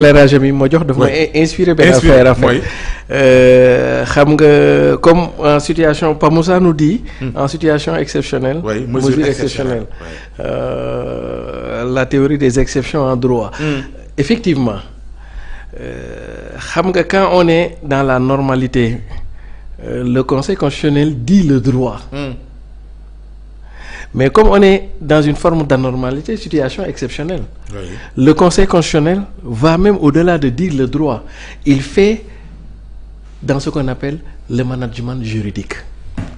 éclairage yi moo jox dafa may inspiré benn affaire affaire euh, xam nga comme en situation Pa Moussa nous hmm. en situation exceptionnelle oui, mesure, mesure exceptionnelle, euh, la théorie des exceptions en droit hmm. effectivement euh, xam nga quand on est dans la normalité le Conseil constitutionnel di le droit hmm. mais comme on est dans une forme d'anormalité situation exceptionnelle oui. le conseil constitutionnel va même au-delà de dire le droit il fait dans ce qu'on appelle le management juridique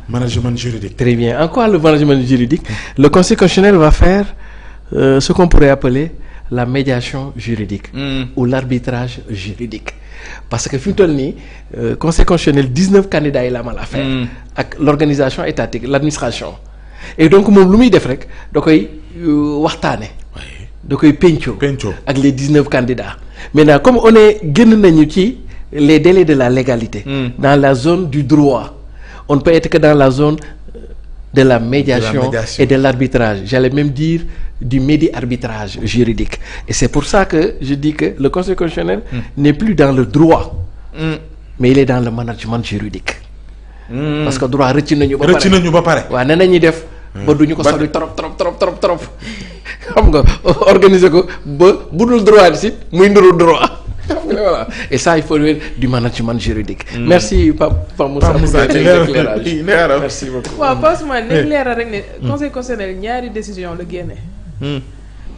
management juridique très bien en quoi le management juridique le conseil constitutionnel va faire euh, ce qu'on pourrait appeler la médiation juridique mm. ou l'arbitrage juridique parce que fi mu toll nii euh, conseil constitutionnel 19 candidats yi la amal affaire. Hmm. ak l'organisation étatique l'administration et donc moom lu muy def rek da koy euh, waxtaane da koy pencoo pencoo ak les dix neuf candidats maintenant comme one est nañu ci les délais de la légalité hmm. dans la zone du droit on ne peut être que dans la zone euh, de la médiation, de la médiation. et de l'arbitrage j'allais même dire du médi-arbitrage juridique et c'est pour ça que je dis que le conseil constitutionnel mmh. n'est plus dans le droit mmh. mais il est dans le management juridique Hmm. parce que droit rëcc nañu. ba pare rëcc nañu ba pare. waaw nan la ñuy def. Hmm. ba du ñu ko sori trop trop trop trop trop. xam nga organiser ko ba budul droit si muy nduru droit. xam nga voilà et ça il faut ci man juridique. Hmm. merci Pape Pape Moussa. Pape Moussa merci beaucoup. waaw Pape Ousmane ni eh. leeral rek ne conseil constitutionnel ñaari décision la génne.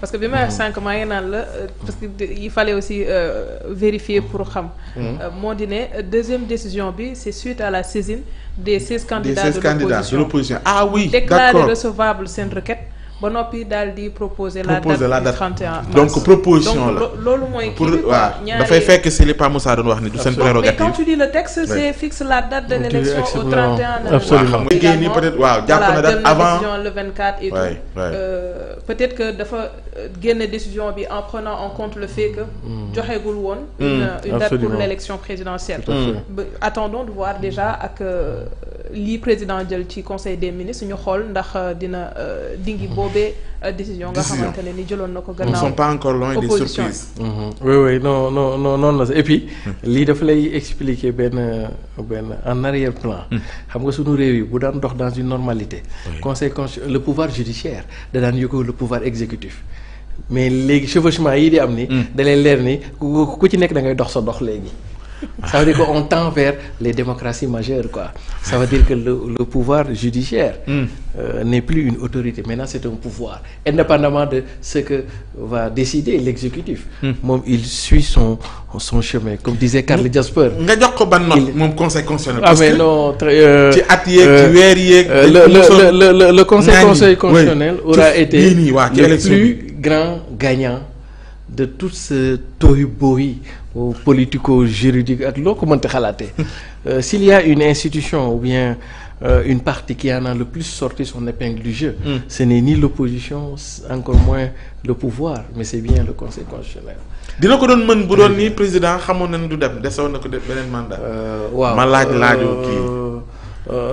parce que bi ma mm-hmm. sànq maa ngi naan la euh, parce que il fallait aussi euh, vérifier pour xam. Mm-hmm. Euh, moo di ne euh, deuxième décision bi c'est suite à la saisine des seize candidats des seize candidats de l'opposition ah oui d'accord déclaré recevable ba noppi daal di proposer la date du 31 mars donc proposition la loolu mooy. pour waaw dafay fekk si li Pa Moussa doon wax ni du seen prérogative. mais quand tu dis le texte c'est fixe la date de l'élection au 31. absolument liggéey ni peut être waaw jàpp na date avant le 24 et tout euh, peut être que dafa euh, génne décision bi en prenant en compte le fait que. Mm. joxeegul woon. Mm. une date pour l'élection présidentielle. attendons de voir déjà ak. Euh, lii président jël ci conseil des ministres suñu xool ndax euh, dina euh, dingi mhm. boobee euh, décision nga xamante ne ni jëloon na ko gannaaw. nous sommes pas no loin des surprises. Mhm. oui oui non hmm. lii dafa lay expliquer benn benn en arrière plan. Hmm. xam nga suñu réew yi bu daan dox dans une normalité. conseil le pouvoir judiciaire da daan yóbbu le pouvoir exécutif. mais léegi chevauchement yi di am ni. Hmm. da leer ni ku ci nekk da ngay dox sa dox léegi. ça veut dire qu'on tend vers les démocraties majeures quoi ça veut dire que le, le pouvoir judiciaire mm. euh, n'est plus une autorité maintenant c'est un pouvoir indépendamment de ce que va décider l'exécutif mm. moom il suit son chemin comme disait Karl Jasper nga jox ko ban moom conseil constitutionnel ah, parce euh, ci at yeeg ci euh, weer yeeg euh, le le le le conseil conseil constitutionnel aura été le plus grand gagnant de tout ce tohu politico juridique ak loo ko mënta xalaate euh, s'il y une institution ou bien euh, une partie qui en a le plus sorti son épingle du jeu mm. ce n'est ni l'opposition encore moins le pouvoir mais c'est bien le conséquence constitutionnel dina ko doon man bu doon nii président xamoon na ne du dem desoon na ko def beneen mandat euh, waaw ma laaj laajoo euh, kii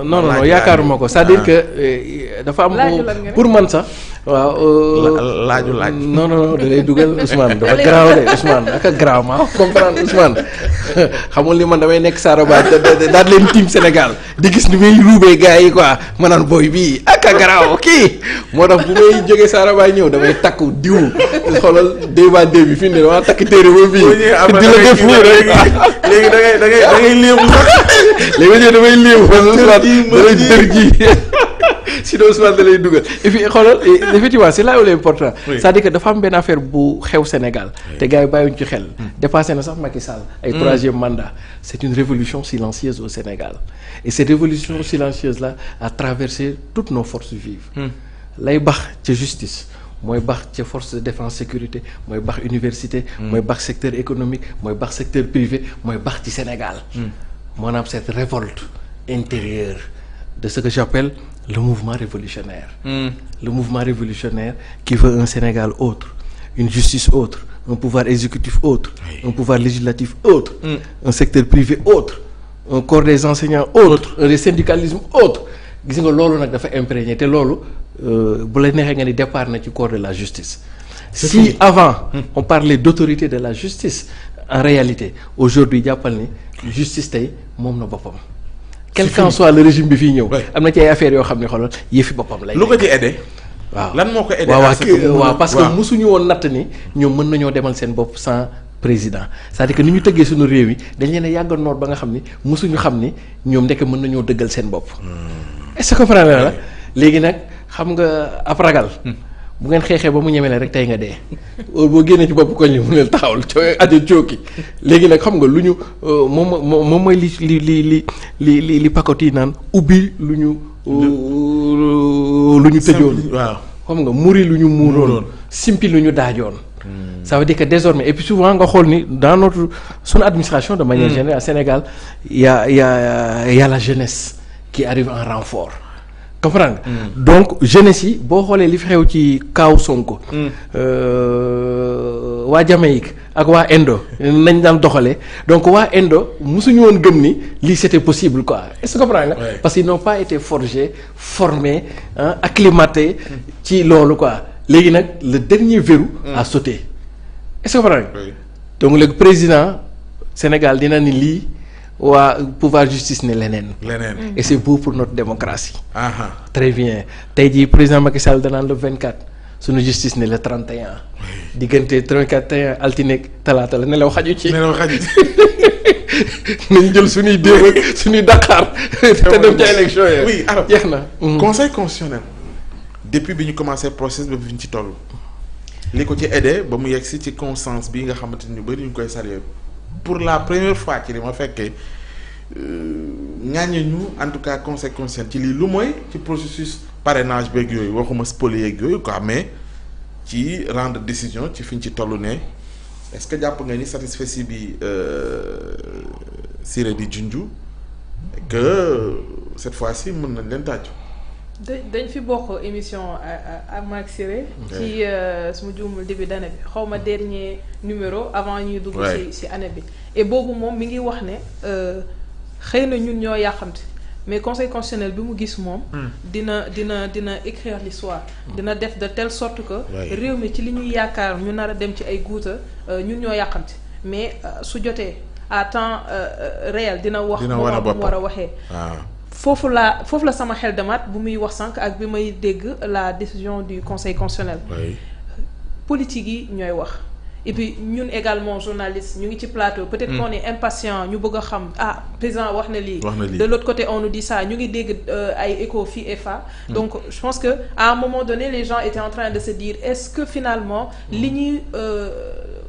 non non yaakaaruma ko c'est-à-dire ah. que dafa am pour man sax waaw. Euh, laaju laaj. non non non da lay dugal Ousmane dafa garaaw de Ousmane naka garaaw maa comprendre Ousmane xamul ni man damay nekk Saraba daal leen team Sénégal di gis ni muy ruubee gars yi quoi ma naan bi bii aka garaaw kii moo tax bu may jógee Saraba ñëw damay takku diw xoolal débat débat bi fi mu ne damaa takk téere ba bii. di la def nii rek léegi da ngay da ngay da ngay léebu sax léegi damay léebu. parce damay dër sinon Ousmane da lay dugal et puis xoolal effectivement c'est là où l'important cest à dafa am benn affaire bu xew Sénégal te gars yi bàyyiwuñ ci xel hmm. dépassé na sax Macky Sall ay hmm. troisième mandat c'est une révolution silencieuse au Sénégal et cette révolution silencieuse là a traversé toutes nos forces vives hmm. lay bax ci justice mooy baax ca force de défense sécurité mooy baax université mooy baax secteur économique mooy baax secteur privé mooy baax ci Sénégal maanaam cette révolte intérieure de ce que j'appelle le mouvement révolutionnaire. Mm. Le mouvement révolutionnaire qui veut un Sénégal autre, une justice autre, un pouvoir exécutif autre, oui. un pouvoir législatif autre, mm. un secteur privé autre, un corps des enseignants autre, un syndicalisme autre. gis nga loolu nag dafa imprégné te loolu euh, bu la neexee nga ni départ na ci corps de la justice. si avant hmm. on parlait d'autorité de la justice en réalité aujourd'hui jàppal ni justice tey moom na boppam. quel qu'en soit le régime bi fii ñëw. am na ci ay affaires yoo xam ne xoolal yëfi boppam lay. lu ko ci aidé. waaw ko aidé. waaw parce que mosuñu woon natt ni ñoom mën nañoo demal seen bopp sans président c'est-à-dire que ni ñu tëggee suñu réew yi dañ leen a yàgg noor ba nga xam ni suñu xam ni ñoom ndekk mën nañoo dëggal seen bopp. Hmm. est-ce que comprendre la léegi nag xam nga ab ragal hmm. bu ngeen xeexee ba mu ñeme rek tey nga dee boo génnee ci bopp koñ yi mu ne taxawal cooy aju cooki léegi nag xam nga lu ñu euh, moom moom mooy li li li li li li li pakot yi naan ubbi lu ñu. Euh, lu ñu tëjoon waaw. xam nga muri lu ñu muuroon simpi lu ñu daajoon. Hmm. ça veut dire que désormais et puis souvent nga xool ni dans su suñu administration. de manière hmm. générale à Sénégal ya a y a y la jeunesse qui arrive en renfort. comprendre nga. Mm. donc jeunesse yi boo xoolee li fi xew ci kaaw Sonko. Mm. Euh, waa Jamaïque ak waa Indo nañ daan doxalee donc waa Indo mosuñu woon gëm ni lii c'était possible quoi est-ce que comprendre nga. parce qu'ils n'ont pas été forgés formés ah ci loolu quoi léegi nag le dernier verrou. Mm. a sauté est-ce nga. donc léegi président Sénégal dina ni lii. waa pouvoir justice ne leneen. leneen mm. et c'est beau pour notre démocratie. Aha. très bien tey jii président Macky Sall danaan le 24 sunu justice ne trente 31. diggante 31 altine talaata la nelaw xaju ci. nelaw xaju ci jël suñuy démb ak suñuy Dakar. te dem ca élection yi jeex na. Mm-hmm. Mm-hmm. conseil constitutionnel. depuis bi ñu commencé process ba fi ñu ci toll. li ko ci aidé ba mu yegg si ci conscience bi nga xamante ni ñu bëri ñu koy saluer. pour la première fois ci li ma fekkee ñaañu euh, ñu en tout cas conséquence ci lii lu mooy ci processus parrainage beeg yooyu waxuma spolier yeeg yooyu ko amee ci rendre décision ci fi ci toll ne est-ce que jàpp nga ni satisfait si bi Siré euh, di junju que cette fois-ci mën nañ leen tàjju. dañ fi bokk émission euh, Amath Siré. ci euh, su ma juumul début d' année bi xaw ma mm. dernier numéro avant ñuy dugg ci ci année bi. et boobu moom mi ngi wax ne euh, xëy na ñun ñoo yàqamti mais conseil constitutionnel bi mu gis moom. Mm. dina dina dina écrire l'histoire mm. dina def de telle sorte que. réew mi ci li ñuy yaakaar ñu nar a dem ci ay guuta ñun ñoo yàqamti mais su jotee à temps réel dina. wax dina war a boppam waxee. Ah. foofu la foofu la sama xel demaat bu muy wax sànq ak bi may dégg la décision du conseil constitutionnel. Oui. yi ñooy wax. et puis ñun également journaliste ñu ngi ci plateau. peut-être hmm. qu'on est impatient ñu bëgg xam ah président wax na lii. de l'autre côté on nous dit ça ñu ngi dégg euh, ay écho fii et fa. Hmm. donc je pense que à un moment donné les gens étaient en train de se dire est-ce que finalement. Hmm. li ñuy euh,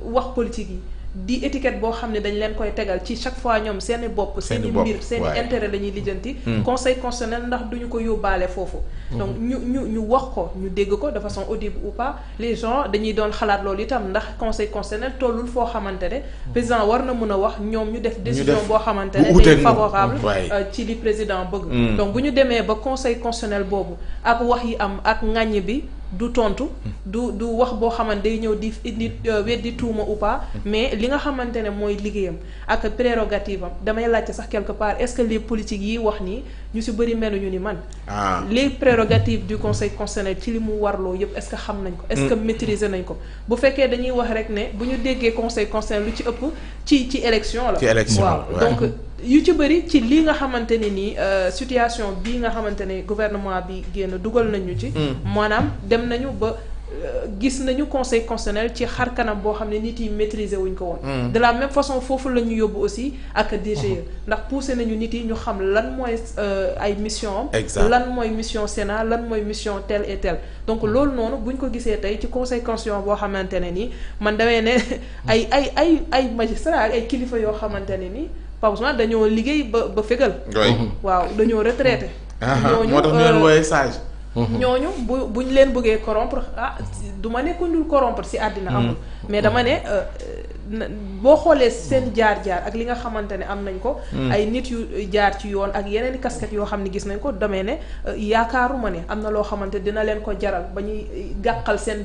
wax politique yi. di étiquette boo xam ne dañ leen koy tegal ci chaque fois ñoom seeni i bopp seen i mbir seen i intérêt lijjanti hmm. conseil constitutionnel ndax duñu ko yóbbaale foofu hmm. donc ñu ñu ñu wax ko ñu dégg ko de façon audi ou pas les gens dañuy doon xalaat loolu itam ndax conseil constitutionnel tollul foo xamante ne hmm. président war na mën a wax ñoom ñu def décision boo xamante ne day favorable euh, ci li président bëgg donc bu ñu demee ba conseil constitutionnel boobu ak wax yi am ak ŋàññ bi du tontu. du du wax boo xamante day ñëw di indi euh, weddi tuuma ou pas. mais li nga xamante ne mooy liggéeyam ak prérogative am damay laajte sax quelque part est-ce que les politiques yi wax nii ñu si bëri ñu ni man. Ah. les prérogatives du conseil constitutionnel ci li mu warloo yëpp est-ce que xam nañ ko. est-ce que mm. maîtriser nañ ko bu fekkee dañuy wax rek ne bu ñu déggee conseil constitutionnel lu ci ëpp ci ci élection la. ci élection waaw donc. yu ci bëri ci lii nga xamante ne nii euh, situation bii nga xamante ne gouvernement bi génn dugal nañu ci. Hmm. maanaam dem nañu ba euh, gis nañu conseil constitutionnel ci xar kanam boo xam ne nit yi maîtriser wuñ ko hmm. la même façon foofu la ñu yóbbu aussi ak DGE. Hmm. ndax poussé nañu nit yi ñu xam lan mooy euh, ay mission am. lan mooy mission Sénat lan mooy mission tel et tel. donc loolu noonu buñ ko gisee tey ci conseil constitutionnel boo xamante ne nii man damay ne ay ay ay ay magistrat ay kilifa yoo xamante ne nii. Pape Ousmane dañoo liggéey ba ba fégal. waaw dañoo retraité. Ah, ah, ñooñu moo tax ñu leen euh, wooyee sage. ñooñu bu bu ñu leen bëggee corrompre ah du ma ne ku ñu corrompre si àddina mm-hmm. amul. mais dama ne euh, boo xoolee seen jaar-jaar ak li nga xamante ne am nañ ko. Mm-hmm. ay nit yu jaar ci yoon ak yeneen casquette yoo xam ne gis nañ ko damee ne euh, yaakaaruma ne am na loo xamante dina leen ko jaral ba ñuy gàqal seen.